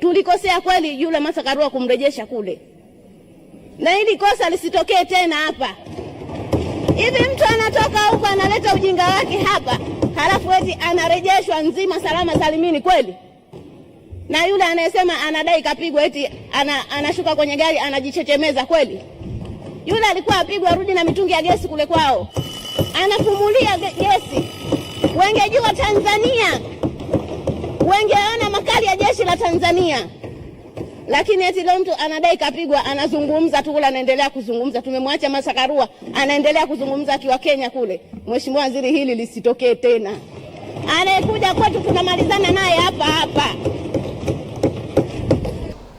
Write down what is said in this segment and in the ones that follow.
Tulikosea kweli yule Martha Karua kumrejesha kule, na ili kosa lisitokee tena hapa. Hivi mtu anatoka huko analeta ujinga wake hapa, halafu eti anarejeshwa nzima salama salimini kweli? Na yule anayesema anadai kapigwa eti ana, anashuka kwenye gari anajichechemeza kweli? Yule alikuwa apigwa rudi na mitungi ya gesi kule kwao, anafumulia gesi. Wengejua Tanzania la Tanzania. Lakini eti leo mtu anadai kapigwa, anazungumza tu kule, anaendelea kuzungumza. Tumemwacha Masakarua anaendelea kuzungumza akiwa Kenya kule. Mheshimiwa Waziri, hili lisitokee tena. Anayekuja kwetu tunamalizana naye hapa hapa.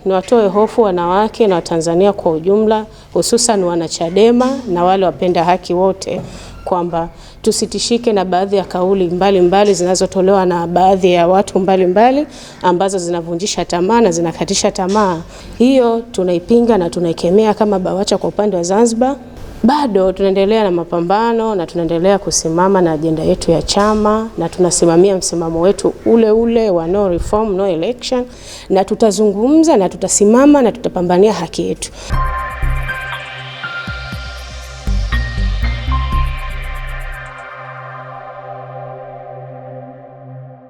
Ni watoe hofu wanawake na Watanzania kwa ujumla, hususan wanachadema na wale wapenda haki wote kwamba tusitishike na baadhi ya kauli mbalimbali zinazotolewa na baadhi ya watu mbalimbali mbali, ambazo zinavunjisha tamaa na zinakatisha tamaa. Hiyo tunaipinga na tunaikemea kama BAWACHA kwa upande wa Zanzibar. Bado tunaendelea na mapambano na tunaendelea kusimama na ajenda yetu ya chama na tunasimamia msimamo wetu ule ule wa no reform, no election, na tutazungumza na tutasimama na tutapambania haki yetu.